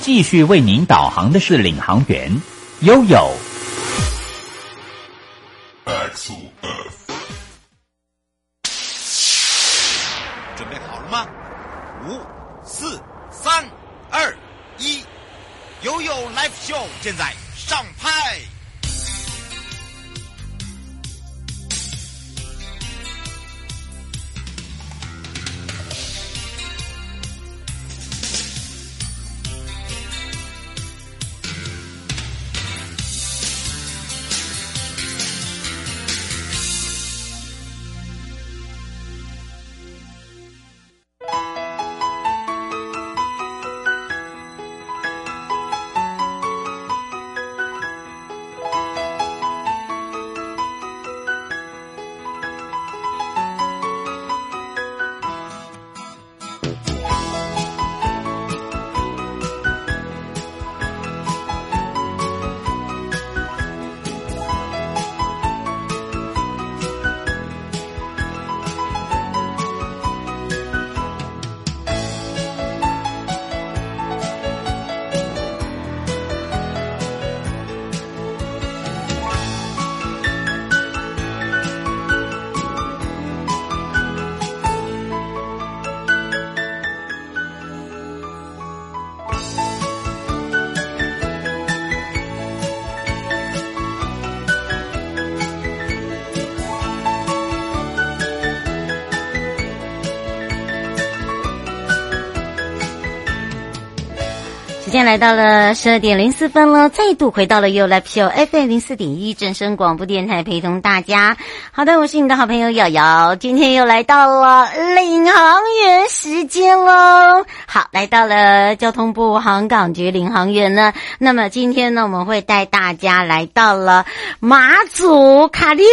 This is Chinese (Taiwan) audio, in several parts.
繼續為您導航的是領航員，YOYO。現在來到了十二點零四分了，再度回到了又來飄 f A 零四點一正聲廣播電台，陪同大家。好的，我是你的好朋友瑤瑤，今天又來到了領航員時間嘍。好，來到了交通部航港局領航員呢。那麼今天呢，我們會帶大家來到了馬祖卡六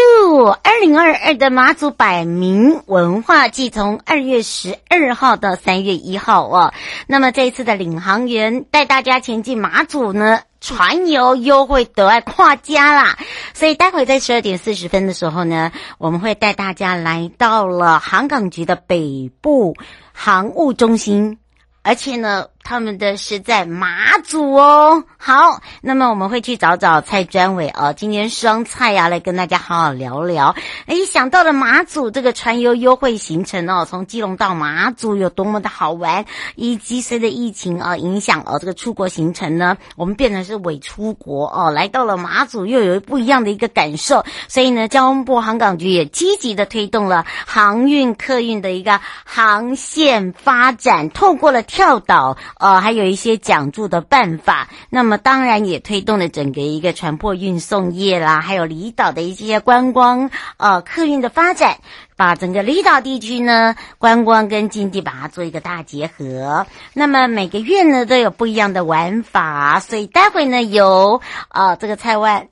二零二二的馬祖擺暝文化祭，從二月十二號到三月一號哦。那麼這一次的領航員帶大家前進馬祖呢，船遊又會得愛跨家啦，所以待會在十二點四十分的時候呢，我們會帶大家來到了航港局的北部航務中心，而且呢。他們的是在馬祖哦，好，那麼我們會去找找蔡專委哦，今天雙蔡啊，來跟大家好好聊聊。哎，想到了馬祖這個船遊優惠行程哦，從基隆到馬祖有多麼的好玩。以及隨著疫情啊影響哦，這個出國行程呢，我們變成是偽出國哦，來到了馬祖又有一不一樣的一個感受。所以呢，交通部航港局也積極地推動了航運客運的一個航線發展，透過了跳島。哦，還有一些講座的辦法，那麼當然也推動了整個一個船舶運送業啦，還有離島的一些觀光、呃客運的發展，把整個離島地區呢，觀光跟經濟把它做一個大結合。那麼每個月呢都有不一樣的玩法，所以待會呢有啊、呃、這個菜碗。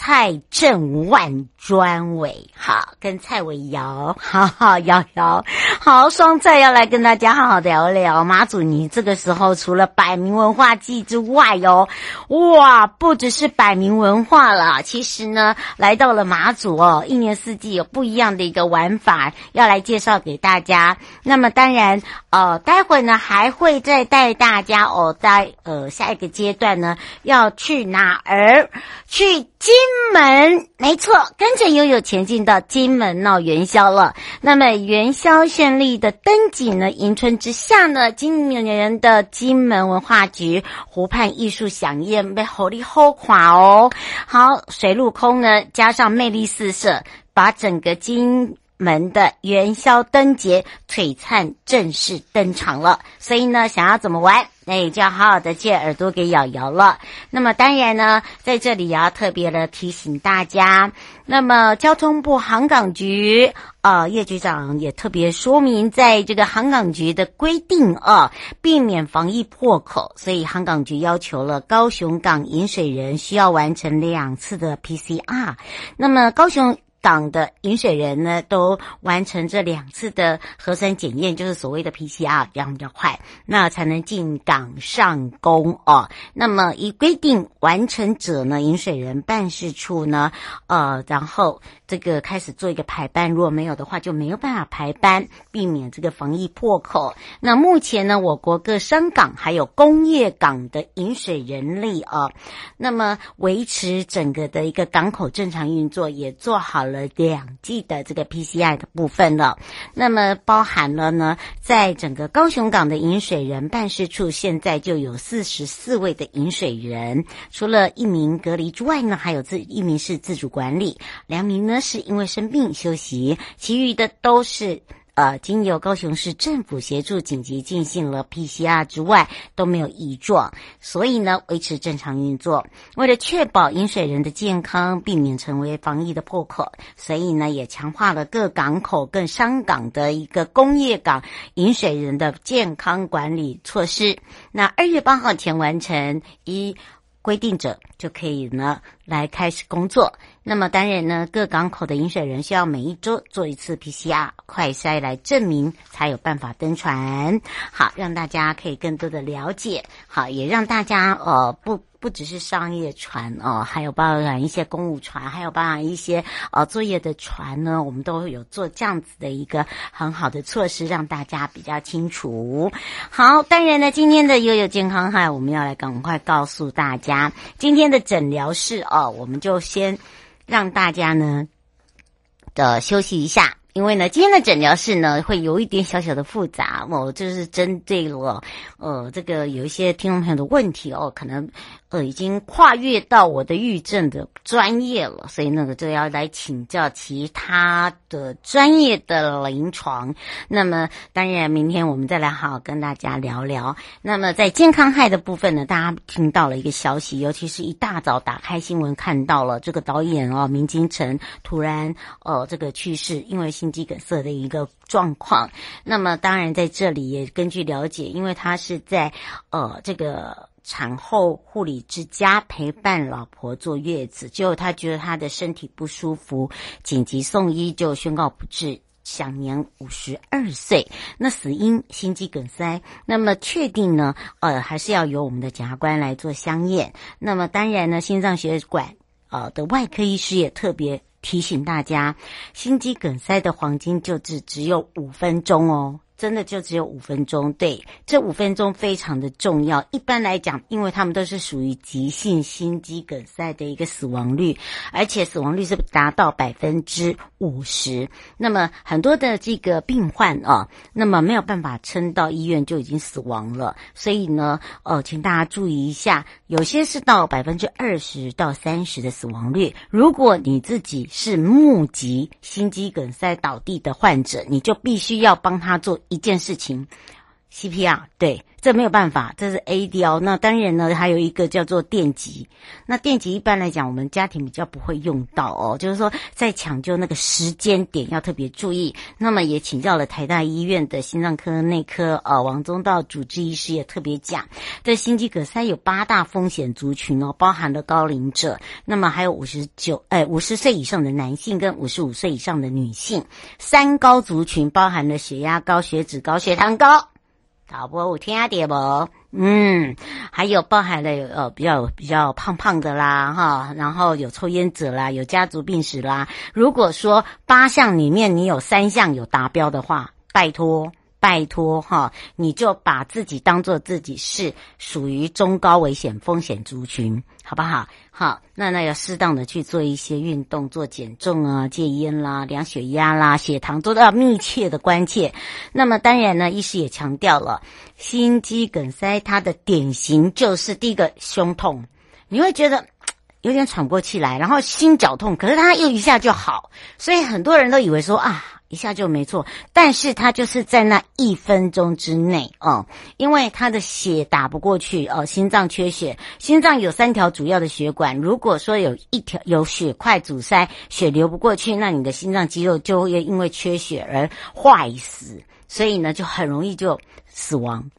蔡正萬專委，好，跟蔡偉瑤，好好瑤瑤，好雙蔡要來跟大家好好聊聊。馬祖，你這個時候除了擺暝文化祭之外，哦，喲，哇，不只是擺暝文化啦，其實呢，來到了馬祖哦，一年四季有不一樣的一個玩法要來介紹給大家。那麼當然，呃，待會呢還會再帶大家哦，帶呃下一個階段呢要去哪兒去？金門沒錯，跟着悠悠前進到金門鬧元宵了。那麼元宵絢麗的燈景呢？迎春之下呢，今年的金門文化局湖畔藝術饗宴被火利厚垮哦。好，水陸空呢，加上魅力四射，把整個金門的元宵燈節璀璨正式登場了。所以呢，想要怎麼玩？那也就要好好的借耳朵給咬咬了。那麼當然呢，在這裡也要特別的提醒大家。那麼交通部航港局啊，葉、呃、局長也特別說明，在這個航港局的規定啊，避免防疫破口，所以航港局要求了高雄港引水人需要完成兩次的 PCR。那麼高雄。港的引水人呢，都完成這兩次的核酸檢驗，就是所謂的 PCR，這樣比較快，那才能進港上工哦。那麼，依規定完成者呢，引水人辦事處呢，呃，然後這個開始做一個排班，如果沒有的話，就沒有辦法排班，避免這個防疫破口。那目前呢，我國各商港還有工業港的引水人力哦，那麼維持整個的一個港口正常運作也做好了。了兩季的這個 PCI 的部分了，那麼包含了呢，在整個高雄港的引水人辦事處，現在就有四十四位的引水人，除了一名隔離之外呢，還有自一名是自主管理，兩名呢是因為生病休息，其餘的都是。呃，經由高雄市政府協助緊急進行了 PCR 之外，都沒有異狀，所以呢，維持正常運作。為了確保引水人的健康，避免成為防疫的破口，所以呢也強化了各港口跟商港的一個工業港引水人的健康管理措施。那二月八號前完成一。規定者就可以呢來開始工作。那麼當然呢，各港口的引水人需要每一周做一次 PCR 快篩來證明，才有辦法登船。好，讓大家可以更多的了解，好，也讓大家呃、哦、不。不只是商業船哦，還有包含一些公務船，還有包含一些呃作業的船呢，我們都有做這樣子的一個很好的措施，讓大家比較清楚。好，當然呢，今天的悠悠健康號，我們要來趕快告訴大家，今天的診療室哦，我們就先讓大家呢的、呃、休息一下，因為呢今天的診療室呢會有一點小小的複雜，我、哦、就是針對我呃這個有一些聽眾朋友的問題哦，可能。呃，已經跨越到我的抑鬱症的專業了，所以那個就要來請教其他的專業的臨床。那麼，當然明天我們再來好好跟大家聊聊。那麼，在健康害的部分呢，大家聽到了一個消息，尤其是一大早打開新聞看到了這個導演哦，明金成突然呃這個去世，因為心肌梗塞的一個狀況。那麼，當然在這裡也根據了解，因為他是在呃這個。產後護理之家陪伴老婆坐月子，結果，他覺得他的身體不舒服，緊急送醫，就宣告不治，享年五十二歲。那死因心肌梗塞。那麼確定呢？呃，還是要由我們的檢察官來做相驗。那麼當然呢，心臟血管、呃、的外科醫師也特別提醒大家，心肌梗塞的黃金救治只，只有五分鐘哦。真的就只有五分鐘，對，這五分鐘非常的重要。一般來講，因為他們都是屬於急性心肌梗塞的一個死亡率，而且死亡率是達到百分之五十。那麼很多的這個病患啊，那麼沒有辦法撐到醫院就已經死亡了。所以呢，呃、哦，請大家注意一下，有些是到百分之二十到三十的死亡率。如果你自己是目擊心肌梗塞倒地的患者，你就必須要幫他做一件事情。CPR 對，這沒有辦法，這是 AED 那當然呢，還有一個叫做電極。那電極一般來講，我們家庭比較不會用到哦。就是說，在搶救那個時間點要特別注意。那麼也請教了台大醫院的心臟科內科，呃，王宗道主治醫師也特別講，這心肌梗塞有八大風險族群哦，包含了高齡者，那麼還有五十九哎五十歲以上的男性跟五十五歲以上的女性，三高族群包含了血壓高、血脂高、血糖高。打不我聽下點不，嗯，還有包含了呃比較比較胖胖的啦哈，然後有抽煙者啦，有家族病史啦。如果說八項裡面你有三項有達標的話，拜託。拜託哈，你就把自己當做自己是屬於中高危險風險族群，好不好？好，那那要適當的去做一些運動，做減重啊，戒菸啦，量血壓啦，血糖都要密切的關切。那麼當然呢，醫師也強調了，心肌梗塞它的典型就是第一個胸痛，你會覺得有點喘不過氣來，然後心絞痛，可是它又一下就好，所以很多人都以為說啊。一下就沒錯，但是他就是在那一分鐘之內哦，因為他的血打不過去哦，心臟缺血，心臟有三條主要的血管，如果說有一條有血塊阻塞，血流不過去，那你的心臟肌肉就會因為缺血而壞死，所以呢就很容易就死亡。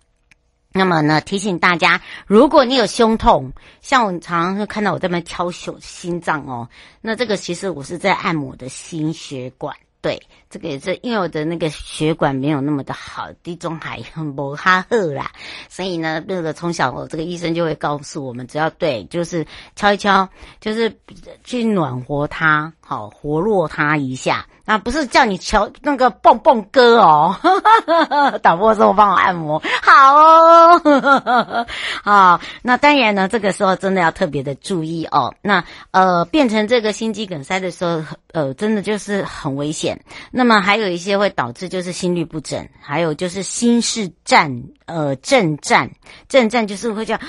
那麼呢，提醒大家，如果你有胸痛，像我常常會看到我在那邊敲胸心臟哦，那這個其實我是在按摩的心血管。對，這個也是，因為我的那個血管沒有那麼的好，地中海很不好啦，所以呢，那個從小我這個醫生就會告訴我們，只要對，就是敲一敲，就是去暖和它，好活絡它一下。啊，不是叫你瞧那個蹦蹦歌哦，呵呵呵打呼的時候幫我按摩好，哈哈哈。啊。那當然呢，這個時候真的要特別的注意哦。那呃，變成這個心肌梗塞的時候，呃，真的就是很危險。那麼還有一些會導致就是心律不整，還有就是心室顫呃陣顫，陣顫就是會叫這、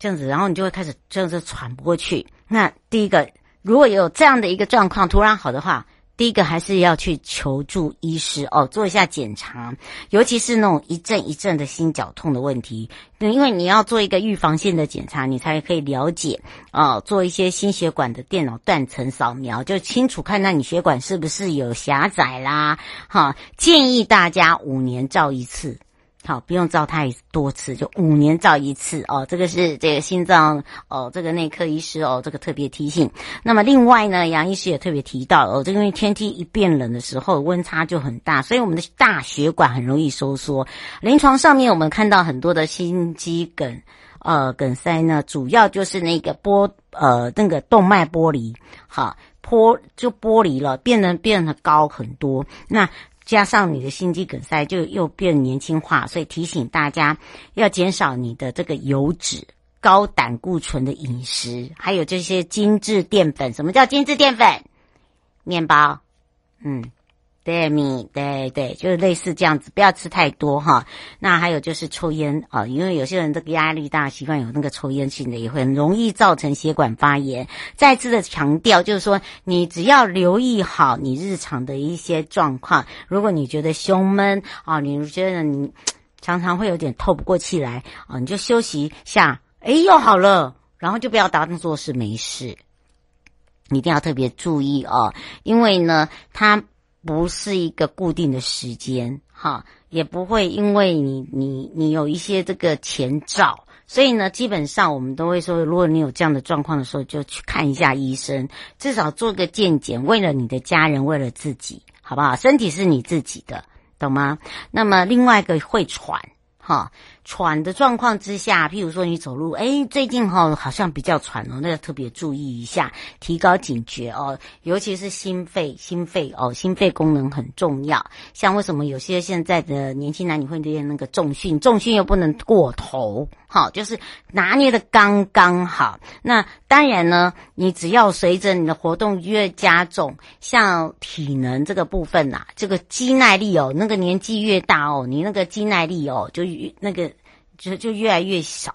這樣子，然後你就會開始這樣子喘不過去。那第一個，如果有這樣的一個狀況突然好的話。第一個還是要去求助醫師哦，做一下檢查，尤其是那種一陣一陣的心絞痛的問題，因為你要做一個預防性的檢查，你才可以了解哦，做一些心血管的電腦斷層掃描，就清楚看到你血管是不是有狹窄啦。哈，建議大家五年照一次。好，不用照太多次，就五年照一次哦。這個是這個心臟哦，這個內科醫師哦，這個特別提醒。那麼另外呢，楊醫師也特別提到哦，這個因為天氣一變冷的時候，溫差就很大，所以我們的大血管很容易收縮。臨床上面我們看到很多的心肌梗，呃，梗塞呢，主要就是那個剝呃，那個動脈剝離，好，剝就剝離了，變得變得高很多。那加上你的心肌梗塞，就又變年輕化，所以提醒大家要減少你的這個油脂、高膽固醇的飲食，還有這些精致澱粉。什麼叫精致澱粉？麵包嗯。對你對對，就是類似這樣子，不要吃太多哈。那還有就是抽煙啊、呃，因為有些人這個壓力大，習慣有那個抽煙性的，也會很容易造成血管發炎。再次的強調，就是說你只要留意好你日常的一些狀況，如果你覺得胸悶啊、呃，你覺得你常常會有點透不過氣來啊、呃，你就休息一下，哎又好了，然後就不要打坐做事，沒事。一定要特別注意哦、呃，因為呢，它。不是一個固定的時間，哈，也不會因為你、你、你有一些這個前兆，所以呢，基本上我們都會說，如果你有這樣的狀況的時候，就去看一下醫生，至少做一個健檢，為了你的家人，為了自己，好不好？身體是你自己的，懂嗎？那麼另外一個會喘，哈。喘的狀況之下，譬如說你走路，哎，最近哈、哦、好像比較喘哦，那要特別注意一下，提高警覺哦。尤其是心肺，心肺哦，心肺功能很重要。像為什麼有些現在的年輕男女會練那個重訓？重訓又不能過頭，好、哦，就是拿捏得剛剛好。那當然呢，你只要隨着你的活動越加重，像體能這個部分吶、啊，這個肌耐力哦，那個年紀越大哦，你那個肌耐力哦，就那個。就就越來越少，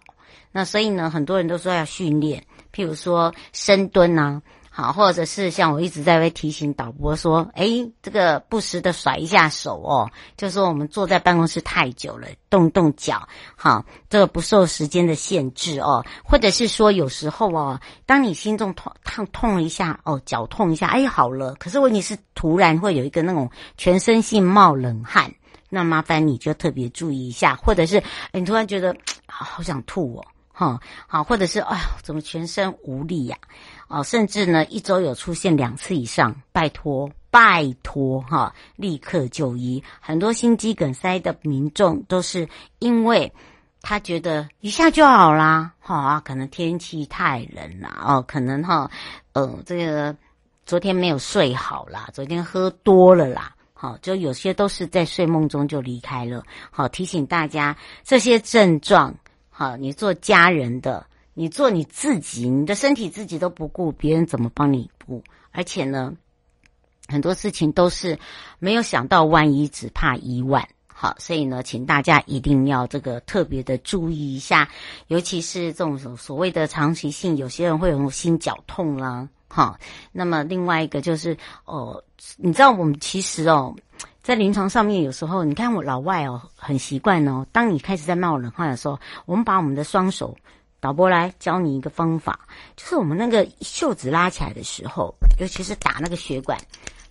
那所以呢，很多人都說要訓練，譬如說深蹲啊，好，或者是像我一直在為提醒導播說，哎，這個不時的甩一下手哦，就是說我們坐在辦公室太久了，動動腳，好，這個不受時間的限制哦，或者是說有時候哦，當你心中痛痛痛一下哦，腳痛一下，哎，好了，可是問題是突然會有一個那種全身性冒冷汗。那麻煩你就特別注意一下，或者是、欸、你突然覺得好想吐哦，哈，好，或者是哎呀，怎麼全身無力呀？啊，哦，甚至呢一周有出現兩次以上，拜托，拜托哈、哦，立刻就醫。很多心肌梗塞的民眾都是因為他覺得一下就好啦，哈、哦、啊，可能天氣太冷了哦，可能哈、哦，呃，這個昨天沒有睡好啦，昨天喝多了啦。好，就有些都是在睡夢中就離開了。好，提醒大家這些症狀，好，你做家人的，你做你自己，你的身體自己都不顧，別人怎麼幫你顧？而且呢，很多事情都是沒有想到萬一，只怕已晚。好，所以呢，請大家一定要這個特別的注意一下，尤其是這種所謂的長期性，有些人會有，有心絞痛啦、啊。好，那麼另外一個就是哦，你知道我們其實哦，在臨床上面有時候，你看我老外哦很習慣哦，當你開始在冒冷汗的時候，我們把我們的雙手倒過來，教你一個方法，就是我們那個袖子拉起來的時候，尤其是打那個血管，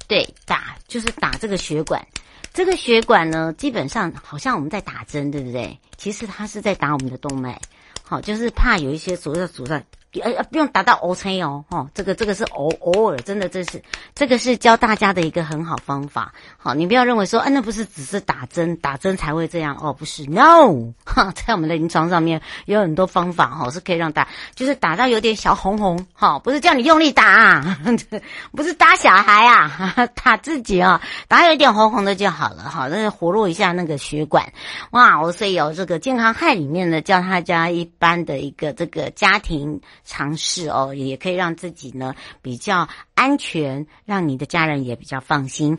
對，打就是打這個血管，這個血管呢，基本上好像我們在打針，對不對？其實它是在打我們的動脈，好，就是怕有一些阻塞、阻塞。呃、哎哎，不用打到黑青哦，哈、哦，這個這個是偶偶爾，真的這是，這個是教大家的一個很好方法，好、哦，你不要認為說，哎，那不是只是打針，打針才會這樣哦，不是，No，哈、哦，在我們的臨床上面有很多方法，哈、哦，是可以讓打，就是打到有點小紅紅，好、哦，不是叫你用力打、啊呵呵，不是打小孩啊，打自己啊、哦，打有一點紅紅的就好了，好、哦，那是活絡一下那個血管，哇，我所以有這個健康害裡面呢，教大家一般的一個這個家庭。嘗試哦，也可以讓自己呢比較安全，讓你的家人也比較放心。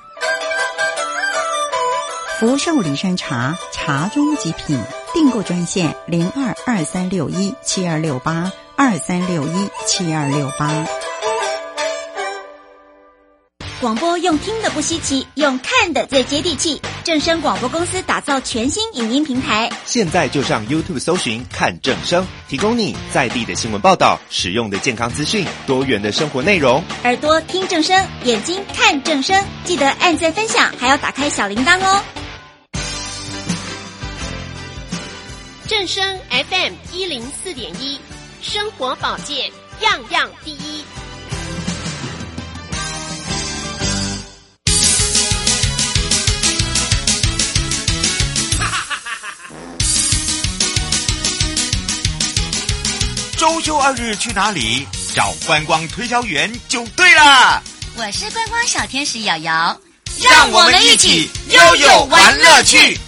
福壽梨山茶，茶中極品。訂購專線零二二三六一七二六八二三六一七二六八。廣播用聽的不稀奇，用看的最接地氣。正聲廣播公司打造全新影音平台，現在就上 YouTube 搜尋看正聲，提供你在地的新聞報道、實用的健康資訊、多元的生活內容。耳朵聽正聲，眼睛看正聲，記得按讚分享，還要打開小鈴鐺哦。正聲 FM 一零四點一，生活保健樣樣第一。週休二日去哪裡？找觀光推銷員就對了。我是觀光小天使瑤瑤，讓我們一起悠悠玩樂趣。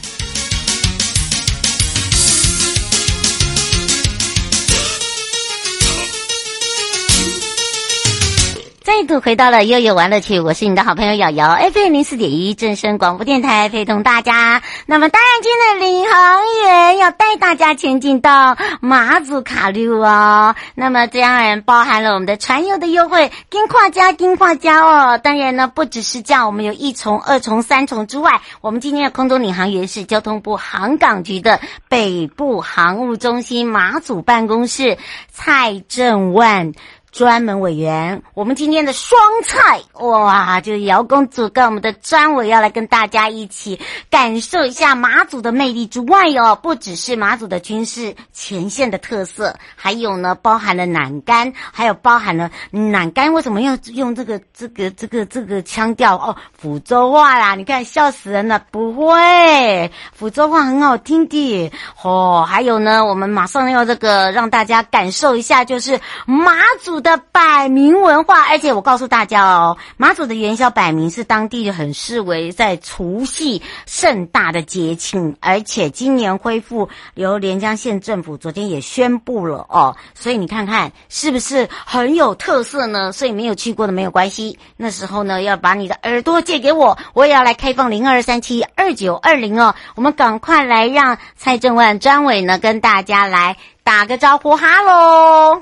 回到了悠悠玩樂趣，我是你的好朋友瑤瑤 FM 一零四點一，正聲廣播電台陪同大家。那麼，當然今天的領航員要帶大家前進到馬祖卡路哦。那麼，這樣包含了我們的船遊的優惠，金跨家、金跨家哦。當然呢，不只是這樣，我們有一重、二重、三重之外，我們今天的空中領航員是交通部航港局的北部航務中心馬祖辦公室蔡正萬。專門委員，我們今天的雙菜哇，就是姚公主跟我們的專委要來跟大家一起感受一下馬祖的魅力之外哦，不只是馬祖的軍事前線的特色，還有呢，包含了南竿，還有包含了南竿，為什麼要用，用這個這個這個這個腔調哦？福州話啦，你看笑死人了，不會，福州話很好聽的哦。還有呢，我們馬上要這個讓大家感受一下，就是馬祖的擺暝文化，而且我告訴大家哦，馬祖的元宵擺暝是當地很視為在除夕盛大的節慶，而且今年恢復由連江縣政府昨天也宣布了哦，所以你看看是不是很有特色呢？所以沒有去過的沒有關係，那時候呢，要把你的耳朵借給我，我也要來開放零二三七二九二零哦，我們趕快來讓蔡正萬呢、張偉呢跟大家來打個招呼，哈嘍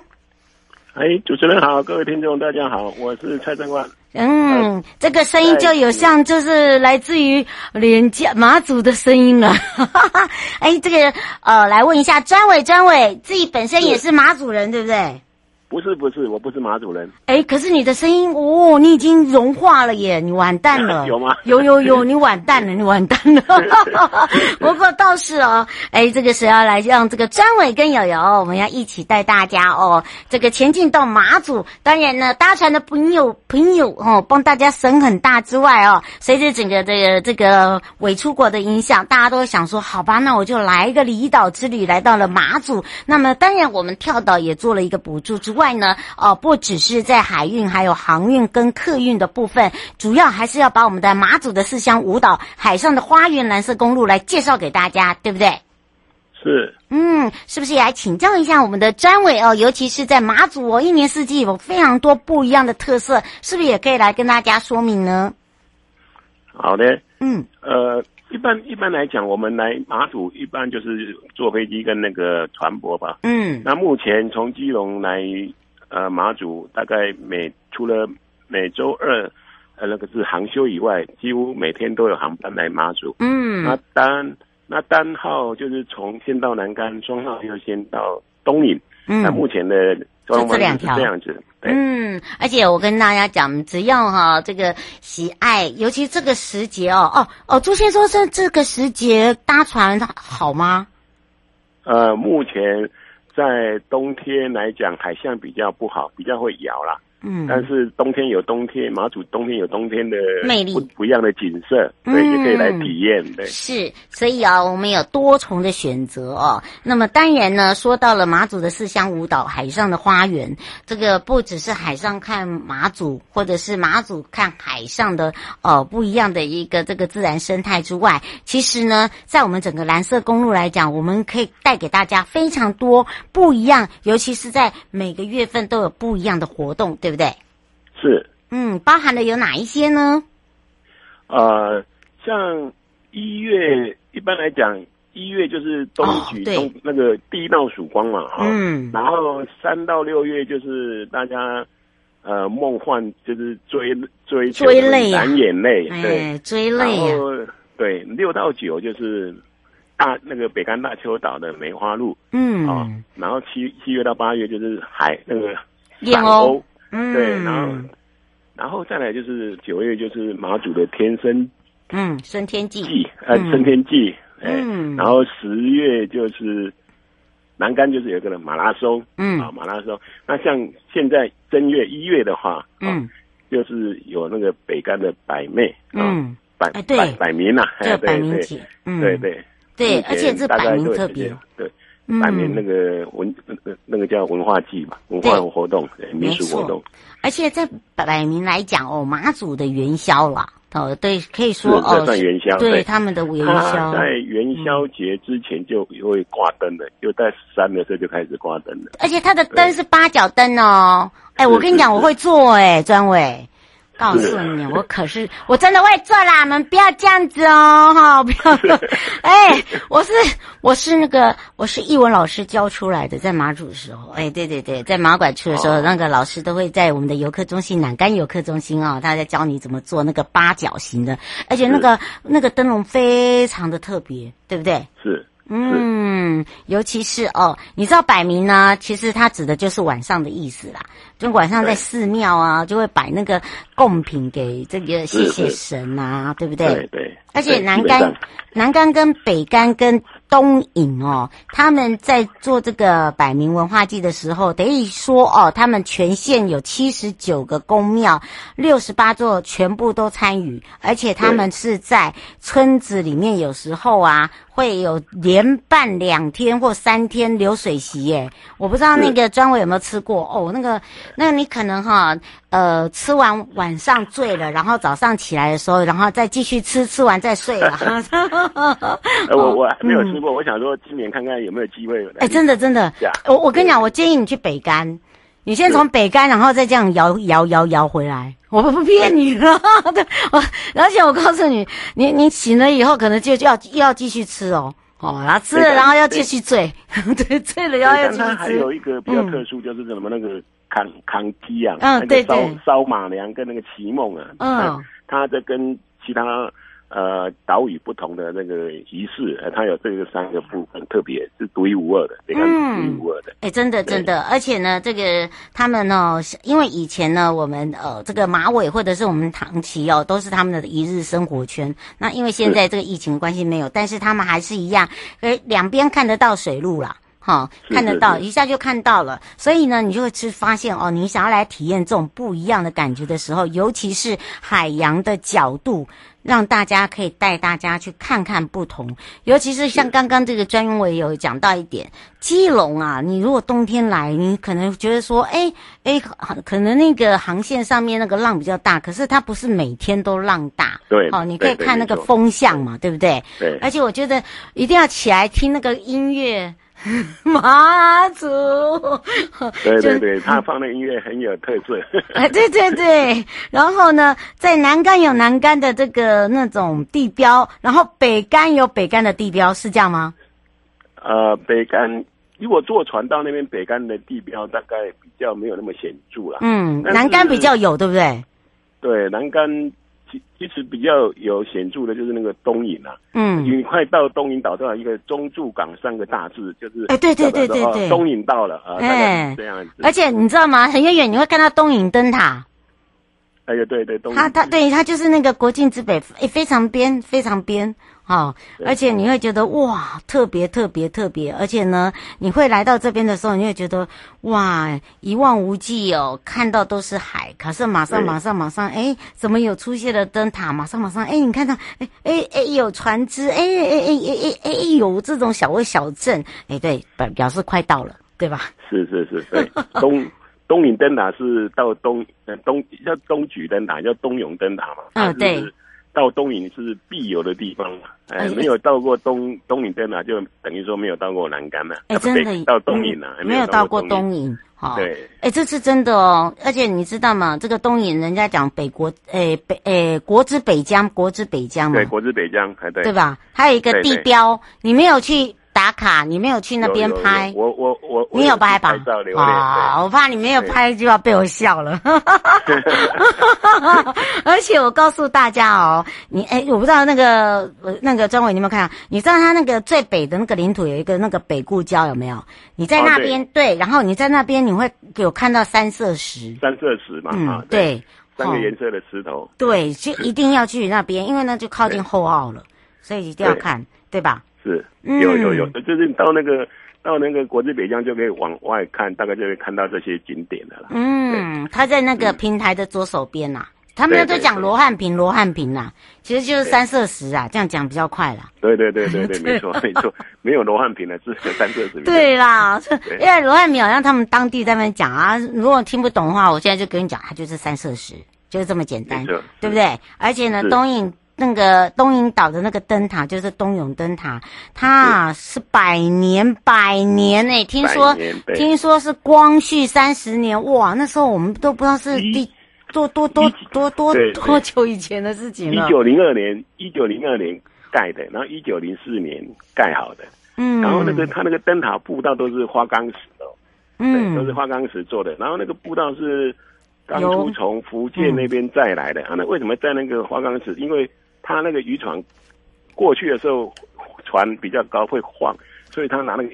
哎，主持人好，各位聽眾大家好，我是蔡正萬。嗯，哎、這個聲音就有像，就是來自於連江馬祖的聲音了。哈哈哈，哎，這個呃、哦，來問一下專委，專委自己本身也是馬祖人，對，對不對？不是不是，我不是馬祖人。哎，可是你的聲音哦，你已經融化了耶，你完蛋了。啊、有嗎？有有有，你完蛋了， 你完蛋了。不過倒是哦，哎，這個時候來讓這個張偉跟瑤瑤，我們要一起帶大家哦，這個前進到馬祖。當然呢，搭船的朋友朋友哦，幫大家省很大之外哦，隨着整個這個這個未出國的影響，大家都想說，好吧，那我就來一個離島之旅，來到了馬祖。那麼當然，我們跳島也做了一個補助，只不過。外呢，哦，不只是在海運，還有航運跟客運的部分，主要還是要把我們的馬祖的四鄉五島、海上的花園、藍色公路來介紹給大家，對不對？是，嗯，是不是也來請教一下我們的專委哦？尤其是在馬祖哦，一年四季有非常多不一樣的特色，是不是也可以來跟大家說明呢？好的，嗯，呃。一般一般來講，我們來馬祖一般就是坐飛機跟那個船舶吧。嗯。那目前從基隆來呃馬祖，大概每除了每周二呃那個是航休以外，幾乎每天都有航班來馬祖。嗯。那單那單號就是從先到南竿，雙號又先到東引。嗯。那目前的。中文就這兩條，這樣子。嗯，對而且我跟大家講，只要哈這個喜愛，尤其這個時節哦，哦哦，朱先生說這這個時節搭船好嗎？呃，目前在冬天來講，海象比較不好，比較會搖啦。嗯，但是冬天有冬天，馬祖冬天有冬天的魅力麗，不一樣的景色，對，也可以來體驗，的、嗯。對是，所以啊，我們有多重的選擇哦。那麼當然呢，說到了馬祖的四鄉五島，海上的花園，這個不只是海上看馬祖，或者是馬祖看海上的呃不一樣的一個這個自然生態之外，其實呢，在我們整個藍色公路來講，我們可以帶給大家非常多不一樣，尤其是在每個月份都有不一樣的活動，對吧？對不對？是。嗯，包含的有哪一些呢？呃，像一月，嗯、一般來講，一月就是東莒、哦、東那個第一道曙光嘛，哈、哦。嗯。然後三到六月就是大家呃夢幻，就是追追追淚啊，藍眼淚，對，哎、追淚、啊。對，六到九就是大那個北竿大坵島的梅花鹿，嗯。啊、哦。然後七七月到八月就是海那個燕鷗。嗯，對，然後，然後再來就是九月就是馬祖的天生，嗯，升天祭，呃升天祭，哎，然後十月就是南竿就是有個人馬拉松，嗯，啊，馬拉松。那像現在正月一月的話，嗯，就是有那個北竿的擺暝，嗯，百對擺暝吶，叫擺暝祭，嗯，對對，對，而且這擺暝特別，對。擺暝、嗯、那個文，那那那個叫文化祭嘛，文化活動，對民俗活動。而且在擺暝來講哦，馬祖的元宵啦，哦，對，可以說對哦，算元宵，對，對他們的元宵，啊、在元宵節之前就會掛燈的，就、嗯、在十三的時候就開始掛燈的。而且它的燈是八角燈哦，哎對、欸，我跟你講，是是是我會做哎、欸，專偉。告訴你，我可是我真的會做啦！你們不要這樣子哦，哈！不要，哎，我是我是那個我是藝文老師教出來的，在馬祖的時候，哎，對對對，在馬館去的時候，哦、那個老師都會在我們的遊客中心、南竿遊客中心啊、哦，他在教你怎麼做那個八角形的，而且那個是那個燈籠非常的特別，對不對？是。嗯，尤其是哦，你知道擺暝呢，啊，其實它指的就是晚上的意思啦，就晚上在寺廟啊，對就會擺那個貢品給這個謝謝神啊，對，對，對不對？對對對，而且南竿、南竿跟北竿跟。東引哦，他們在做這個擺暝文化祭的時候，等於說哦，他們全縣有七十九個宮廟，六十八座全部都參與，而且他們是在村子裡面，有時候啊會有連辦兩天或三天流水席耶。我不知道那個專位有沒有吃過哦，那個，那你可能哈，呃，吃完晚上醉了，然後早上起來的時候，然後再繼續吃，吃完再睡了、 哦。我我沒有吃、嗯。不過我想說，今年看看有沒有機會。哎，真的真的，我我跟,對 跟你講，我建議你去北竿，你先從北竿，然後再這樣搖搖搖搖回來。我不不騙你，對。 我而且我告訴你，你，你你醒了以後，可能就要又要繼續吃哦哦，然後吃了，然後要繼續醉，對，醉了要要繼續吃。他還有一個比較特殊，就是什麼那個扛扛雞啊，嗯對對，燒燒馬良跟那個奇夢啊，嗯，他在跟其他。呃，島嶼不同的那個儀式，它有這個三個部分，特別是獨一無二的，你看，獨一無二的。哎、嗯，真的真的，對而且呢，這個他們呢、哦，因為以前呢，我們呃，這個馬尾或者是我們唐旗哦，都是他們的一日生活圈。那因為現在這個疫情關係沒有，是但是他們還是一樣，誒兩邊看得到水路啦，哈，是看得到是一下就看到了。對所以呢，你就會去發現哦，你想要來體驗這種不一樣的感覺的時候，尤其是海洋的角度。讓大家可以帶大家去看看不同，尤其是像剛剛這個專員，我也有講到一點。是基隆啊，你如果冬天來，你可能覺得說，哎哎，可能那個航線上面那個浪比較大，可是它不是每天都浪大。對，好、哦，你可以看那個風向嘛，對，對，對不對？對。對，而且我覺得一定要起來聽那個音樂。馬祖，對對對，就他放的音樂很有特色。哎， 對，對對對，然後呢，在南竿有南竿的這個那種地標，然後北竿有北竿的地標，是這樣嗎？呃，北竿如果坐船到那邊，北竿的地標大概比較沒有那麼顯著啦。嗯，是南竿比較有，對不對？對，南竿其實比較有顯著的，就是那個東引啊，嗯，你快到東引島，到一個中柱港三個大字，就是，哎、欸、對，對對對對對，哦、東引到了啊，欸、這樣子。而且你知道嗎？很遠遠你會看到東引燈塔。哎呀、欸，對對、對，他他、啊、對他就是那個國境之北，哎、欸，非常邊，非常邊。哦，而且你會覺得哇，特別特別特別，而且呢，你會來到這邊的時候，你會覺得哇，一望無際哦，看到都是海。可是馬上馬上馬上，哎對、欸，怎麼有出現了燈塔？馬上馬上，哎、欸，你看到，哎哎哎，有船隻，哎哎哎哎哎哎，有這種小個小鎮，哎、欸，對，表表示快到了，對吧？是是是對 東，東東湧燈塔是到東東叫東莒燈塔，叫東湧燈塔嘛？嗯、啊呃，對。到東引是必遊的地方嘛。哎、欸欸，沒有到過東、欸、東、東引在哪？啊，就等於說沒有到過南竿嘛。哎、欸，真的，到東引了。啊，嗯、沒有到過東引。哈。東好對，哎、欸，這是真的哦。而且你知道嗎？這個東引人家講北國，哎、欸，北哎、欸，國之北疆，國之北疆嘛。對，國之北疆，還、欸、對。對吧？還有一個地標，對對對，你沒有去。打卡，你沒有去那邊拍。我我我，你有拍吧？哦，我怕你沒有拍就要被我笑了。而且我告訴大家哦，你哎，我不知道那個呃那個專委你有沒有看啊？你知道他那個最北的那個領土有一個那個北固礁有沒有？你在那邊對，然後你在那邊你會有看到三色石。三色石嘛，嗯，對，三個顏色的石頭。對，就一定要去那邊，因為那就靠近後澳，了，所以一定要看，對吧？是有有有，就是你到那個到那個國之北疆就可以往外看，大概就可以看到這些景點的了。嗯，他在那個平台的左手邊吶，他們都在講羅漢坪，羅漢坪吶，其實就是三色石啊，這樣講比較快了。對對對對對，沒錯沒錯，沒有羅漢坪的，是三色石。對啦，因為羅漢坪，讓他們當地在那邊講啊，如果聽不懂的話，我現在就跟你講，它就是三色石，就是這麼簡單，對不對？而且呢，東引。那個東引島的那個燈塔就是東湧燈塔，它啊對是百年百年哎、欸，聽說聽說是光緒三十年哇，那時候我們都不知道是第一多多多一多多對對對多久以前的事情了。一九零二年，一九零二年蓋的，然後一九零四年蓋好的，嗯，然後那個他那個燈塔步道都是花崗石哦，嗯對，都是花崗石做的，然後那個步道是當初從福建那邊載來的，嗯、啊，那為什麼在那個花崗石？因為他那個漁船過去的時候，船比較高會晃，所以他拿那個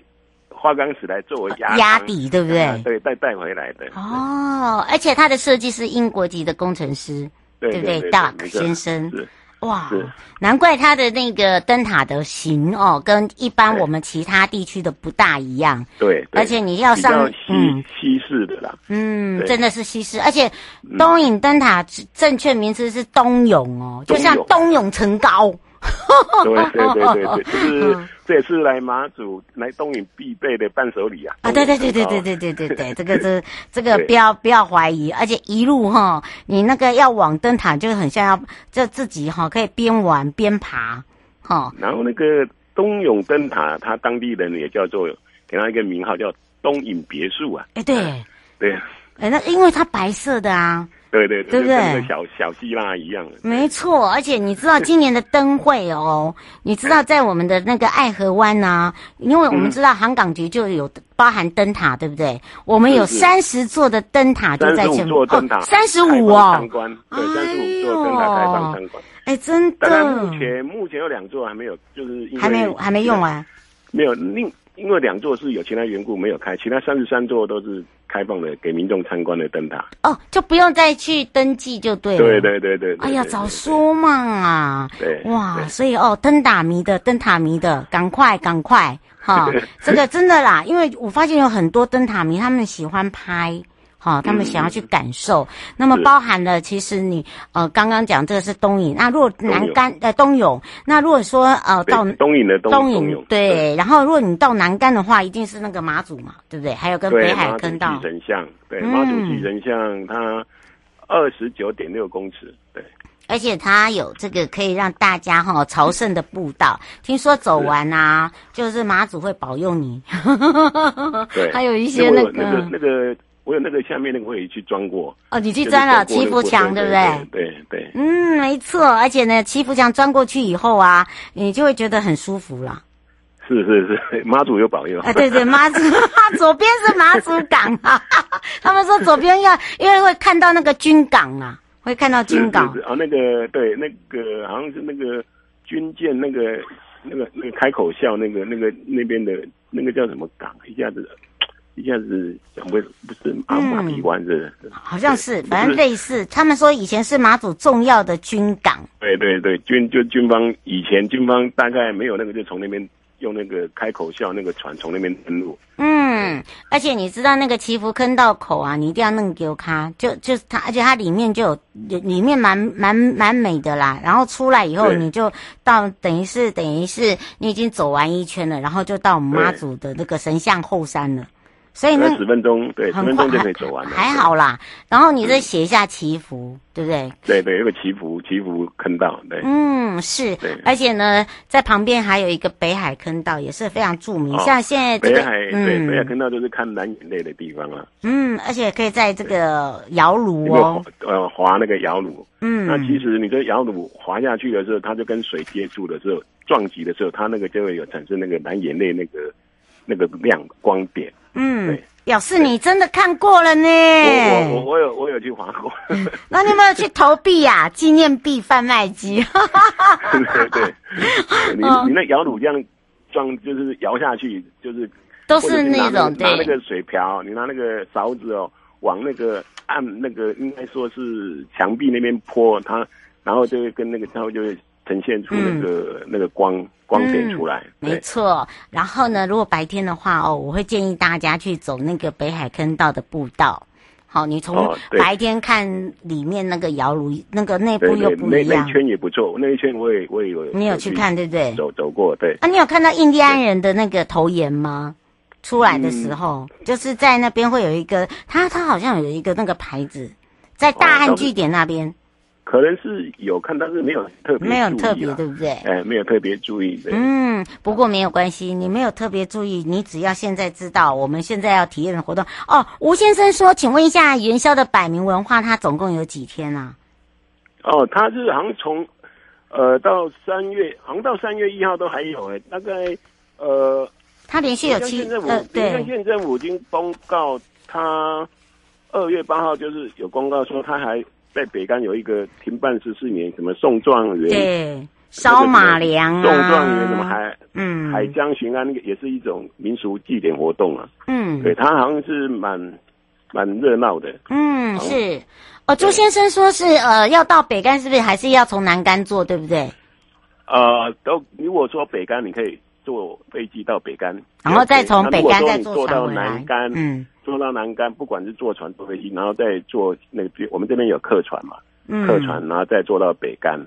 花崗石來作為、啊、壓底，對不對？啊、對，帶帶回來的。哦，對而且他的設計是英國籍的工程師，對，對不對，對，對，對？Duck 先生。是。哇，是難怪它的那個燈塔的形哦，跟一般我們其他地區的不大一樣。對，對，而且你要上西嗯西式的啦，嗯，對真的是西式，而且東引燈塔、嗯、正確名字是東湧哦，就像東湧勇城高。 對對對對,對，這是這也是來馬祖、來東引必備的伴手禮啊！啊，對對對對對對對對對,對，這個是，這個不要不要懷疑，而且一路哈，你那個要往燈塔，就很像要就自己哈，可以邊玩邊爬哦，然後那個東引燈塔，它當地人也叫做給它一個名號，叫東引別墅啊。哎，對，對。哎，哎、那因為它白色的啊。對對，對不對？小小希臘一樣。沒錯，而且你知道今年的燈會哦， 你知道在我們的那個愛河灣吶、啊，嗯、因為我們知道航港局就有包含燈塔，對不對？我們有三十座的燈塔就在這邊，三十五哦 ,35 哦，對，三十五座燈塔開放參觀。哎，呦哎，真的。目前目前有兩座還沒有，就是因為還沒還沒用完，沒有另。因為兩座是有其他緣故沒有開，其他三十三座都是開放的給民眾參觀的燈塔。哦，就不用再去登記就對了。對對對對。哎呀，早說嘛啊！對，對，對，哇，所以哦，燈塔迷的燈塔迷的，趕快趕快哈！真的 真的啦，因為我發現有很多燈塔迷，他們喜歡拍。好，他們想要去感受，那麼包含了，其實你呃，剛剛講這個是東引，那如果南竿，呃東湧，那如果說呃到東引的東東引對，然後如果你到南竿的話，一定是那個馬祖嘛，對不對？還有跟北海坑道。對馬祖巨神像，對馬祖巨神像，它二十九點六公尺，對。而且它有這個可以讓大家哈朝聖的步道，聽說走完啊，就是馬祖會保佑你。對，還有一些那個那個。我有那個下面那個我也去鑽過哦，你去鑽了祈福牆，對不對？對對，嗯，沒錯，而且呢，祈福牆鑽過去以後啊，你就會覺得很舒服了。是是是，媽祖有保佑。啊，對對，媽祖，左邊是媽祖港啊， 他們說左邊要因為會看到那個軍港啊，會看到軍港是是是啊，那個對那個好像是那個軍艦那個那個那個開口笑那個那個那邊的那個叫什麼港一下子。一下子，講不，不是馬鼻灣是，是、嗯，好像是，對反正類似。就是、他們說以前是馬祖重要的軍港。對對對，軍就軍方以前軍方大概沒有那個，就從那邊用那個開口笑那個船從那邊登陸。嗯，對而且你知道那個祈福坑道口啊，你一定要弄丟卡，就就是它，而且它裡面就有，裡面蠻蠻蠻美的啦。然後出來以後，你就到是等於是等於是你已經走完一圈了，然後就到我們馬祖的那個神像後山了。所以那十分鐘，對，十分鐘就可以走完了。還好啦，然後你再寫一下祈福，對不對？對對，有個祈福祈福坑道，對。嗯，是。而且呢，在旁邊還有一個北海坑道，也是非常著名。像現在北海，對，北海坑道就是看藍眼淚的地方啊。嗯，而且可以在這個搖櫓，哦，呃，劃那個搖櫓。嗯。那其實你這搖櫓劃下去的時候，它就跟水接觸的時候，撞擊的時候，它那個就會有產生那個藍眼淚那個那個亮光點。嗯，對表示你真的看過了呢。我我我有我有去划過，嗯、 那你有沒有去投幣啊？紀 念幣販賣機。 對對對，哦、你你那搖櫓這樣裝，就是搖下去，就是都是那種你那對。拿那個水瓢，你拿那個勺子哦，往那個按那個應該說是牆壁那邊潑它，然後就會跟那個然後就會。呈現出那個、嗯、那個光光點出來，嗯、對沒錯。然後呢，如果白天的話哦，我會建議大家去走那個北海坑道的步道。好，你從白天看裡面那個窑爐，哦、那個內部又不一樣。對對那一圈也不錯，那一圈我也我也，我也有。你有去，有去看對不對？走走過對。啊，你有看到印第安人的那個頭岩嗎？對出來的時候，嗯、就是在那邊會有一個，他他好像有一個那個牌子，在大漢據點那邊。哦可能是有看，但是沒有特別、啊，沒有特別，對不對？哎，沒有特別注意的。嗯，不過沒有關係，你沒有特別注意，你只要現在知道，我們現在要體驗的活動哦。吳先生說，請問一下，元宵的擺暝文化，它總共有幾天呢、啊？哦，它是好像從呃到三月，好像到三月一號都還有哎，大概呃，他連續有七天。現在我，對，現在我已經公告，他二月八號就是有公告說他還。在北竿有一個停辦十四年，什麼送狀元，對，燒馬糧送狀元，什麼還嗯海江巡安那個也是一種民俗祭典活動啊，嗯，對他好像是蠻蠻熱鬧的，嗯後是，哦，朱先生說是對呃要到北竿是不是還是要從南竿坐對不對？呃，如果說北竿，你可以坐飛機到北竿，然後再從北竿再坐到南竿。嗯。坐到南竿，不管是坐船坐飛機，然後再坐那個，我們這邊有客船嘛，客船，然後再坐到北竿，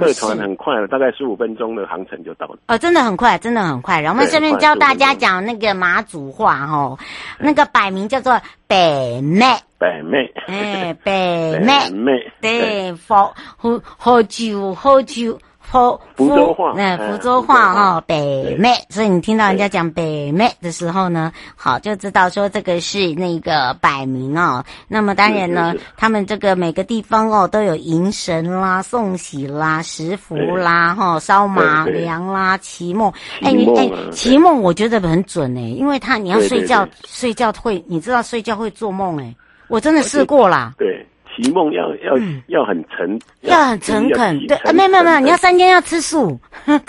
客船很快的，是大概十五分鐘的航程就到了。哦，真的很快，真的很快。然後我們下面對教大家講那個馬祖話哦，那個擺暝叫做北妹，北妹，哎，北妹，北妹對，佛對，喝喝酒喝酒。福州話，那福州話哈，北妹，所以你聽到人家講北妹的時候呢，好就知道說這個是那個擺暝哦。那麼當然呢，他們這個每個地方哦都有迎神啦、送喜啦、食福啦、哈燒馬糧啦、祈夢。哎，哎，祈夢我覺得很準哎，因為他你要睡覺，睡覺會你知道睡覺會做夢哎，我真的試過啦。對。祈夢要要要很誠，要很誠懇，誠懇。對啊、呃，沒有沒有沒有，你要三天要吃素，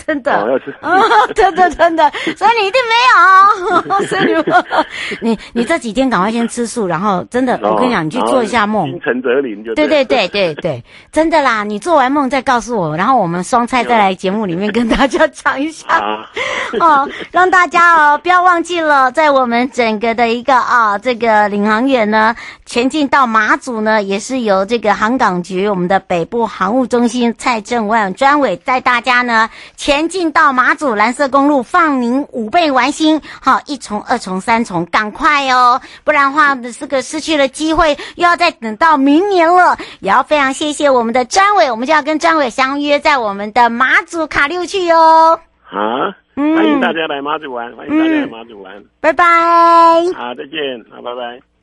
真的我要吃啊！真的真的， 所以你一定沒有、哦，所 以你你你這幾天趕快先吃素，然後真的，哦，我跟你講，你去做一下夢，誠則靈。就對對對對對，對，真的啦，你做完夢再告訴我，然後我們雙菜再來節目裡面跟大家講一下，哦，哦，讓大家哦不要忘記了，在我們整個的一個啊、哦、這個領航員呢，前進到馬祖呢，也是由這個航港局我們的北部航務中心蔡正萬專委帶大家呢前進到馬祖藍色公路，放您五倍玩心，好，一重、二重、三重，趕快哦，不然的話這個失去了機會，又要再等到明年了。也要非常謝謝我們的專委，我們就要跟專委相約在我們的馬祖卡六去哦。嗯！歡迎大家來馬祖玩，歡迎大家來馬祖玩，嗯嗯、拜拜。好，再見，好，拜拜。